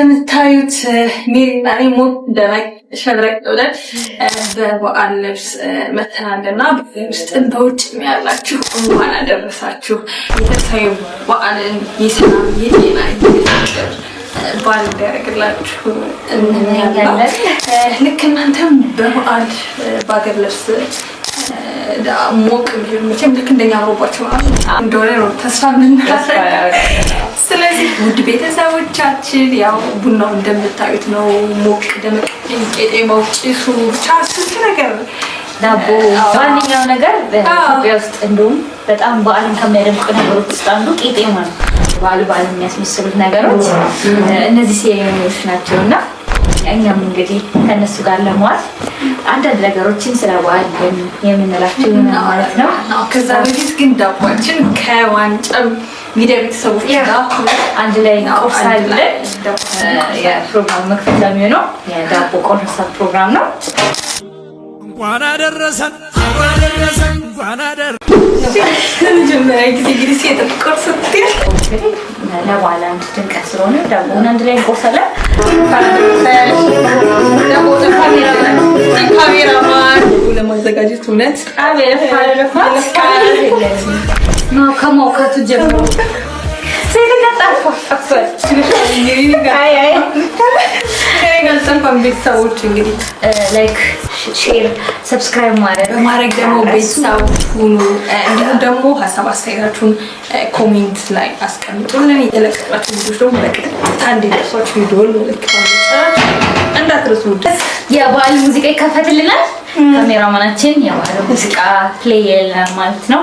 የምታዩት ሜሪና ሞ ደረቅ ሸብረቅ ብለን በበዓል ልብስ መተናልና ውስጥን በውጭ ያላችሁ እንኳን አደረሳችሁ። የተሳዩ በዓልን የሰላም የጤና የፍቅር በዓል እንዲያደርግላችሁ እንመኛለን። ልክ እናንተም በበዓል በአገር ልብስ ሞቅ ቢሆን መቼም ልክ እንደኛ አምሮባችሁ እንደሆነ ነው ተስፋ ምናደርግ ስለዚህ ውድ ቤተሰቦቻችን ያው ቡናው እንደምታዩት ነው። ሞቅ ደመቅ፣ ቄጤማው፣ ጭሱ ብቻ ስንት ነገር ዳቦ፣ ማንኛው ነገር በኢትዮጵያ ውስጥ እንዲሁም በጣም በዓልን ከሚያደምቁ ነገሮች ውስጥ አንዱ ቄጤማ ነው። በዓሉ በዓል የሚያስመስሉት ነገሮች እነዚህ ሴሬሞኒዎች ናቸው እና እኛም እንግዲህ ከእነሱ ጋር ለመዋል አንዳንድ ነገሮችን ስለ በዓል የምንላቸው ማለት ነው። ከዛ በፊት ግን ዳቦችን ከዋንጨም ሚዲያ ቤተሰቦች አንድ ላይ ቁርስ የፕሮግራም መክፈቻ የሚሆነው የዳቦ ቆርሳ ፕሮግራም ነው። እንኳን አደረሰን እንኳን አደረሰን እንኳን አደረሰን ገልጽ እንኳን ቤተሰቦች እንግዲህ ላይክ፣ ሼር፣ ሰብስክራይብ ማድረግ በማድረግ ደግሞ ቤተሰብ ሁኑ። እንዲሁም ደግሞ ሀሳብ አስተያየታችሁን ኮሜንት ላይ አስቀምጡልን። የተለቀቃችሁ ልጆች ደግሞ በቀጥታ እንዲደርሷችሁ ቪዲዮን እንዳትረሱ። የበዓል ሙዚቃ ይከፈትልናል። ካሜራማናችን የበዓል ሙዚቃ ፕሌይ ማለት ነው።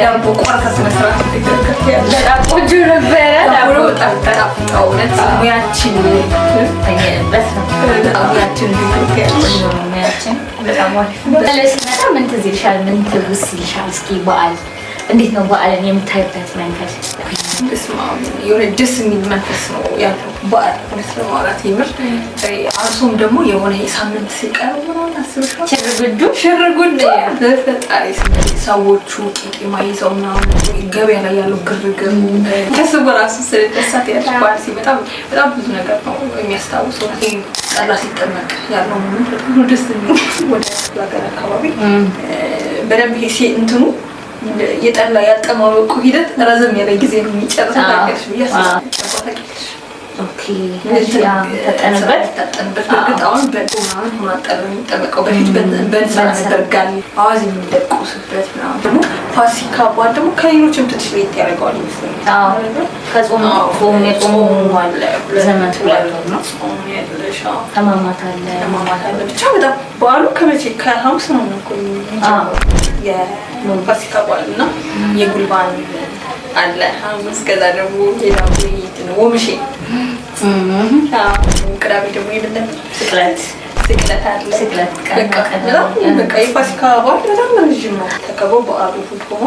ዳቦ ቆርጠ ስነስርዓት ተከፍቶ ቆንጆ ነበረ። ሙያችን ምን ትዝ ይልሻል? ምን ትውስ ይልሻል? እስኪ በዓል እንዴት ነው በዓልን የምታዩበት መንገድ? የሆነ ደስ የሚል መንፈስ ነው ያለው በዓል እውነት ለማውራት የምር አርሶም ደግሞ የሆነ የሳምንት ሲቀር ምናምን አስበሽው ሽርጉዱ በፈጣሪ ሰዎቹ ቄጤማ ይዘው ምናምን ገበያ ላይ ያለው ግርግር ከሱ ራሱ ስለደሳት ያለ በዓል ሲመጣ በጣም ብዙ ነገር ነው የሚያስታውሰው። ጠላ ሲጠመቅ ያለው ሞመንት በጣም ደስ የሚል ወደ ሀገር አካባቢ በደንብ ይሄ እንትኑ የጠላ ያጠማወቁ ሂደት ረዘም ያለ ጊዜ ነው የሚጨርሰው። ከሌሎችም ያደርገዋል ይመስለኛል። ከጾም ብቻ በጣም በዓሉ ከመቼ ከሐሙስ ነው የፋሲካ በዓል እና የጉልባን አለ። ከዛ ደግሞ የዳቦ ወምሼ ቅዳሜ ደግሞ የምለን ስቅለት ስቅለት አለ። በቃ የፋሲካ በዓል በጣም ረዥም ነው። ተከበው በዓሉ ሆኖ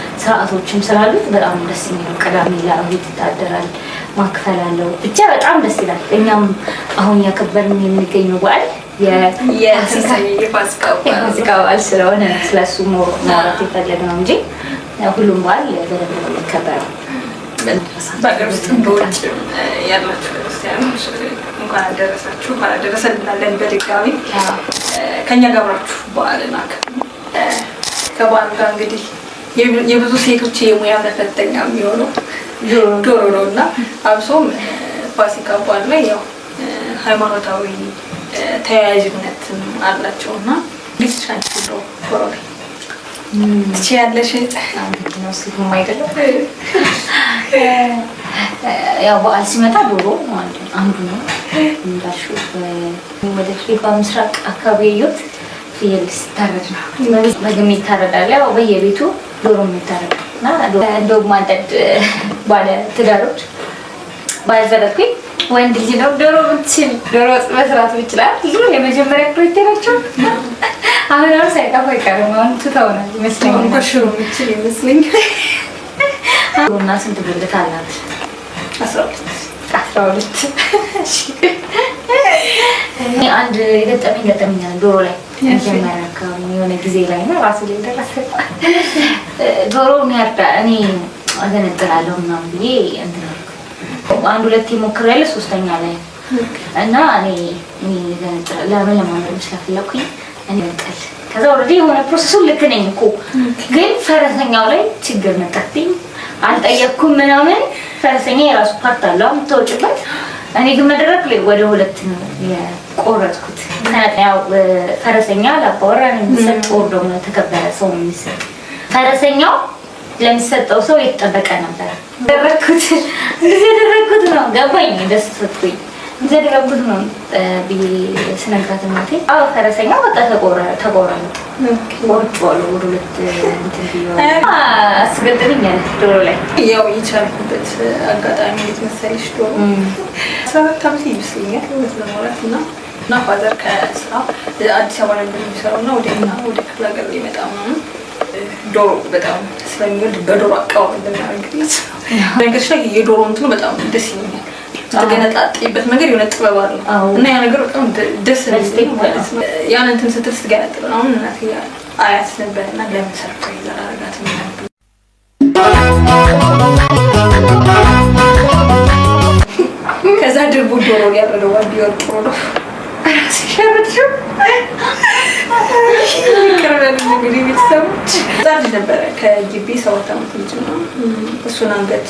ስርዓቶችም ስላሉት በጣም ደስ የሚለው ቅዳሜ ለእሁድ ይታደራል። ማክፈል አለው ብቻ በጣም ደስ ይላል። እኛም አሁን ያከበርን የምንገኘው በዓል የፋሲካ በዓል ስለሆነ ስለሱ ማውራት የፈለግ ነው እንጂ ሁሉም በዓል በደንብ ይከበራል። በሀገር ውስጥም በውጭም በድጋሚ ከእኛ ጋር አብራችሁ በዓልን ከበዓሉ ጋር እንግዲህ የብዙ ሴቶች የሙያ መፈተኛ የሚሆነው ዶሮ ነው እና አብሶም ፋሲካ በዓል ላይ ያው ሃይማኖታዊ ተያያዥነትም አላቸው እና ግስቻን ዶሮ ላይ እቺ ያለሽ ያው በዓል ሲመጣ ዶሮ አንዱ ነው እንዳልሽው ወደ በምስራቅ አካባቢ ያየሁት ፍየል ሲታረድ ነው። በግም ይታረዳል። ያው በየቤቱ ዶሮም ይታረዳል። እና እንደውም ማንጠድ ባለ ትዳሮች ባልዘረኩኝ ወንድ ልጅ ነው ዶሮ ብትችል ዶሮ ወጥ መስራት ይችላል። ብዙ የመጀመሪያ ፕሮጀክት ናቸው። አሁን አሁን ሳይጠፋ አይቀርም። አሁን ትተውናል ይመስለኛል። ሽሮ ብችል ይመስለኛል። ዶሮና ስንት ብልት አላት? አስራ ሁለት በሁለት እኔ አንድ የገጠመኝ ገጠመኛል። ዶሮ ላይ መጀመሪያ አካባቢ የሆነ ጊዜ ላይ ነው ላይ ደረሰ። ዶሮ እኔ አገነጥላለሁ ምናምን ብዬ እንትን አንድ ሁለት ሶስተኛ ላይ እና እኔ ለምን ስለፈለኩኝ እኔ ከዛ ወረዲ የሆነ ልክ ነኝ እኮ ግን ፈረሰኛው ላይ ችግር መጣብኝ። አልጠየቅኩም ምናምን ፈረሰኛ የራሱ ፓርት አለው የምታወጭበት። እኔ ግን መድረክ ላይ ወደ ሁለት ነው የቆረጥኩት። ያው ፈረሰኛ ላባወራ ነው የሚሰጥ፣ ጦር ደግሞ ተከበረ ሰው የሚሰጥ ፈረሰኛው ለሚሰጠው ሰው የተጠበቀ ነበረ። ደረግኩት ጊዜ ነው ገባኝ ደስ ሰጥኩኝ። ዘደረጉት ነው ብዬ ስነግራት እናቴ አዎ ፈረሰኛ በቃ ተቆራ ነው ወርጭ አሉ ወደ ሁለት አስገድልኝ ዶሮ ላይ ያው የቻልኩበት አጋጣሚ እንዴት መሰለሽ ዶሮ አስራ አራት ዓመት ይመስለኛል ህይወት ለማውራት እና እና ፋዘር ከስራ አዲስ አበባ ነበር የሚሰራው እና ወደ ና ወደ ክፍለ ሀገር ሊመጣ ምናምን ዶሮ በጣም ስለሚወድ በዶሮ አቀባበል ለማድረግ ነገሮች ላይ የዶሮ እንትኑ በጣም ደስ ይለኛል ስትገነጣጥበት መንገድ የሆነ ጥበብ አለ እና ያ ነገር በጣም ደስ ማለት ያን እንትን ስትል ስትገነጥል ነው። አሁን አያት ነበር እና ለምን ሰርቶ ይዘራረጋት ከዛ ድርቡ ዶሮ ያረደዋ ቢወር ጥሩ ነው ነበረ ከግቢ ሰባት ዓመት ልጅ ነው እሱን አንገት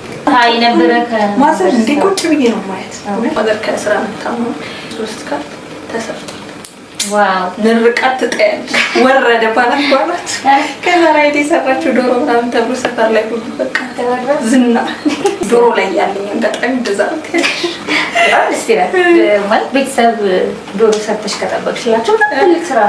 ማዘር እንደ ቁጭ ብዬ ነው ማየት ማዘር ከስራ መጣ ሶስት ካርድ ተሰርቷል። ምርቃት ትጠያል ወረደ ባላት ከዛ ላይ የሰራችው ዶሮ ምናምን ተብሎ ሰፈር ላይ ሁሉ በቃ ዝና ዶሮ ላይ ያለኝ በጣም ቤተሰብ ዶሮ ሰርተሽ ከጠበቅሽላቸው ትልቅ ስራ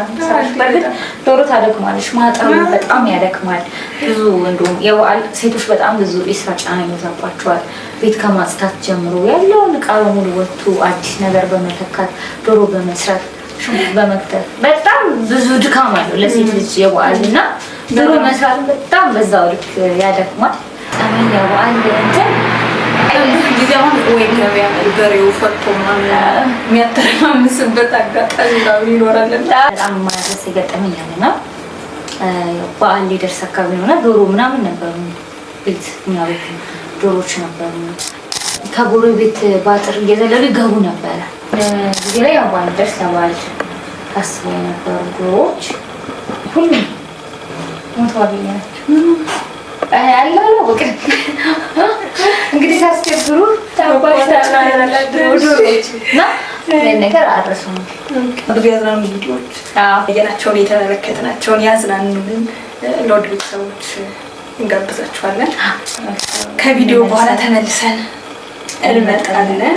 በእርግጥ ዶሮ ታደክማለሽ፣ ማጠሩ በጣም ያደክማል። ብዙ እንዲሁም የበዓል ሴቶች በጣም ብዙ የስራ ጫና ይበዛባቸዋል። ቤት ከማጽዳት ጀምሮ ያለውን እቃ በሙሉ ወጥቶ አዲስ ነገር በመተካት ዶሮ በመስራት ሽንኩርት በመክተፍ በጣም ብዙ ድካም አለው ለሴት ልጅ የበዓል እና ዶሮ መስራት በጣም በዛው ልክ ያደክማል። አሁን እንትን ወይ በሬው ምናምን አጋጣሚ በጣም አካባቢ ሆነ ዶሮ ምናምን ነበሩ ቤት ከጎረቤት በአጥር እየዘለሉ ይገቡ ነበረ ጊዜ ላይ አዋን ድረስ ለባል የነበሩ ጉሮዎች ሁሉም ሞተዋል ብያቸው እንግዲህ ሳስቸግሩ ነገር አድረሱም ብገዝራም ቪዲዮዎች እየናቸውን የተመለከትናቸውን ያዝናኑልን ለወድ ቤተሰቦች እንጋብዛችኋለን። ከቪዲዮ በኋላ ተመልሰን እንመጣለን።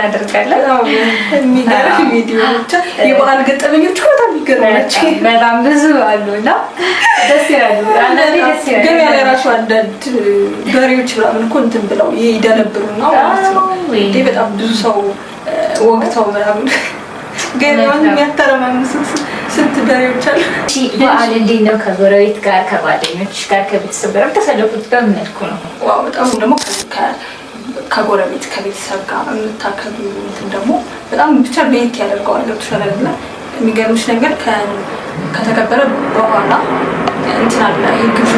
እናደርጋለን። የሚገርም ቪዲዮ ብቻ የበዓል ገጠመኞች በጣም ይገርማቸው በጣም ብዙ አሉ እና ደስ ይላሉ። ገበያ ላይ ራሱ አንዳንድ በሬዎች ምናምን እኮ እንትን ብለው ይደነብሩና ማለት ነው። በጣም ብዙ ሰው ወግተው ምናምን ገበያውን የሚያተረማምሱት ስንት በሬዎች አሉ። በዓል እንዴት ነው? ከጎረቤት ጋር፣ ከጓደኞች ጋር፣ ከቤተሰብ ጋር ተሰለፉት በምን መልኩ ነው? በጣም ደግሞ ከጎረቤት ከቤተሰብ ጋር የምታከሉ እንትን ደግሞ በጣም ብቻ ለየት ያደርገዋል። ገብቶሻል አይደለ? የሚገርምሽ ነገር ከተከበረ በኋላ እንትን አለ የግብዣ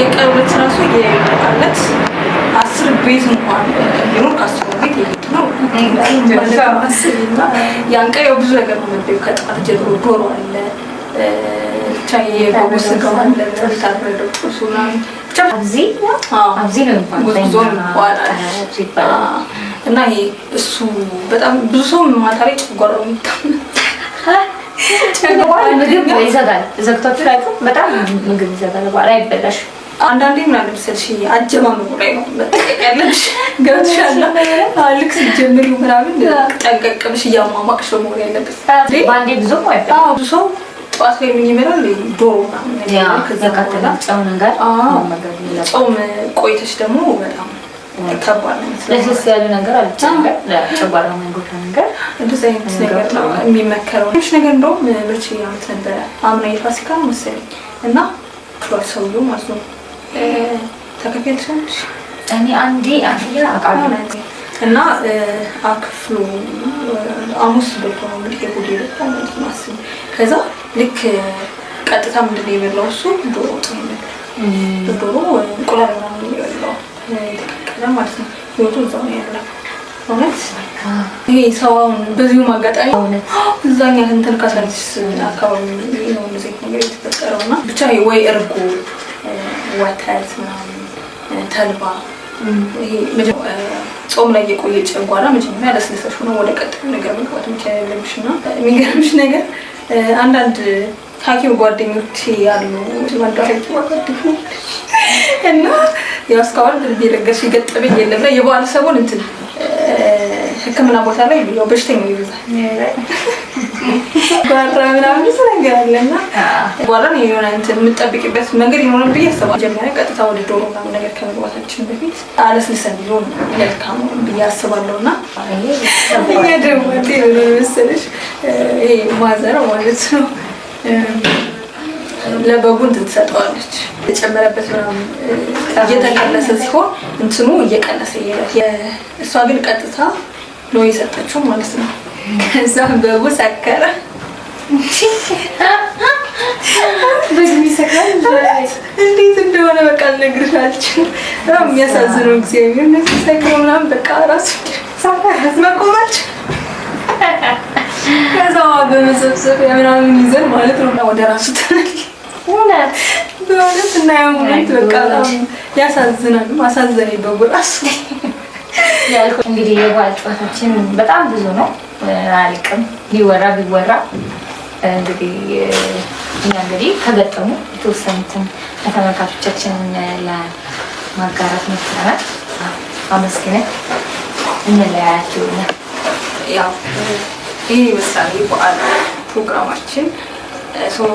የቀሩበት ራሱ የለት አስር ቤት እንኳን ቢኖር ከአስሩ ቤት የሄድ ነው ያን ቀን ብዙ ነገር ነው መደ ከጠዋት ጀምሮ ዶሮ አለ ቻ የበጎ ስጋ አለ ታረደው ጥሱ ምናምን እና እሱ በጣም ብዙ ሰው ማታ ላይ ጨጓራው ምግብ ይዘጋል። ዘግቷችሁ ላይ በጣም ምግብ ይዘጋል። በኋላ ይበላሽ አንዳንዴ ምን አለ መሰለሽ አጀማመሩ ላይ ነው መጠንቀቅ ያለብሽ። ገብቶሻል? ልክ ስትጀምሪው ምናምን ጠንቀቅ ብለሽ እያሟሟቅሽ ነው መሆን ያለበት። ብዙ ሰው ጠዋት ላይ ምን ይበላል? ዶሮ ጨው ነገር ጾም ቆይተች ደግሞ በጣም ከባድ ለስስ ያለ ነገር ጨጓራ ማይጎዳ ነገር እንደዚህ አይነት ነገር ነው የሚመከረው። ሽ ነገር እንደውም መቼ ዓመት ነበረ አምና የፋሲካ ነው መሰለኝ እና ክሏል ሰውዬው ማለት ነው ተከፍያለሽ እኔ አንዴ አንያ አቃለ እና አክፍሉ አሙስ ቤት ነው እንግዲህ የቡድ ቤት ነው ማለት ነው። ከዛ ልክ ቀጥታ ምንድን ነው የበላው? እሱ ዶሮ ወጥ ነው የበላው። ዶሮ እንቁላል ምናምን የበላው የተቀቀለ ማለት ነው። ህይወቱ እዛው ነው ያለው። እውነት ይሄ ሰው አሁን በዚሁም አጋጣሚ እዛኛ እንትን ካሳንስ አካባቢ ነው ዜት ነገር የተፈጠረው እና ብቻ ወይ እርጎ ወተት ተልባ ጾም ላይ የቆየ ጨጓራ መጀመሪያ ለስለሰሽ ሆነ ወደ ቀጥ ነገር መግባት መቻ ያለብሽ እና የሚገርምሽ ነገር አንዳንድ ሐኪም ጓደኞች አሉ እና ያው እስካሁን ቢለገሱ የገጠመኝ የለም። የበዓል ሰሞን እንትን ሕክምና ቦታ ላይ በሽተኛ ይበዛል። ጓራ ምናምን ብዙ ነገር አለና ጓራን የሆነ የምጠብቅበት መንገድ ብዬ አስባለሁ። መጀመሪያ ቀጥታ ወደ ዶሮ ምናምን ነገር ከመግባታችን በፊት አለስልሰን መልካም ብዬ አስባለሁ። እና እኛ ደግሞ መሰለሽ ይሄ ማዘረው ማለት ነው ለበጉ እንትን ትሰጠዋለች የጨመረበት ምናምን እየተቀነሰ ሲሆን እንትኑ እየቀነሰ ይሄዳል። እሷ ግን ቀጥታ ነው የሰጠችው ማለት ነው። ከዛ በጉ ሰከረ። እንዴት እንደሆነ በቃ ልነግርሽ አልችልም። የሚያሳዝነው እግዚአብሔር እነዚህ ሰክረው ምናምን በቃ ራሱ መቆማች ከዛ በመሰብሰብ ምናምን ይዘን ማለት ነው እና ወደ ራሱ ተናል በእውነት እና ያሙነት በቃ ያሳዝናል። ማሳዘን በጉ ራሱ እንግዲህ የባል ጨዋታችን በጣም ብዙ ነው። አያልቅም። ቢወራ ቢወራ እንግዲህ እኛ እንግዲህ ከገጠሙ የተወሰኑትን ለተመልካቾቻችንን ለማጋራት መጥተናል። አመስግነት እንለያያቸው። ያው ይህ ምሳሌ በዓል ፕሮግራማችን ሰው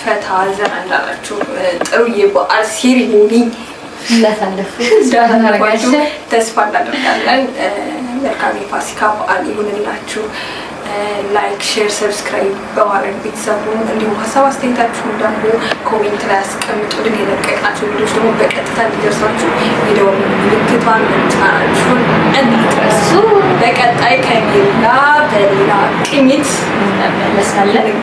ፈታ ዘና እንዳላችሁ ጥሩዬ በዓል ሴሪሞኒ እንዳሳለፉ ተስፋ እናደርጋለን። መልካም የፋሲካ በዓል ይሁንላችሁ። ላይክ፣ ሼር፣ ሰብስክራይብ በማድረግ ቤተሰቡ እንዲሁም ሀሳብ አስተያየታችሁ ደግሞ ኮሜንት ላይ አስቀምጡ። ድን የለቀቃቸው ቪዲዮች ደግሞ በቀጥታ እንዲደርሳችሁ የደወል ምልክቷን መጫናችሁን እንዲትረሱ። በቀጣይ ከሌላ በሌላ ቅኝት እንመለሳለን።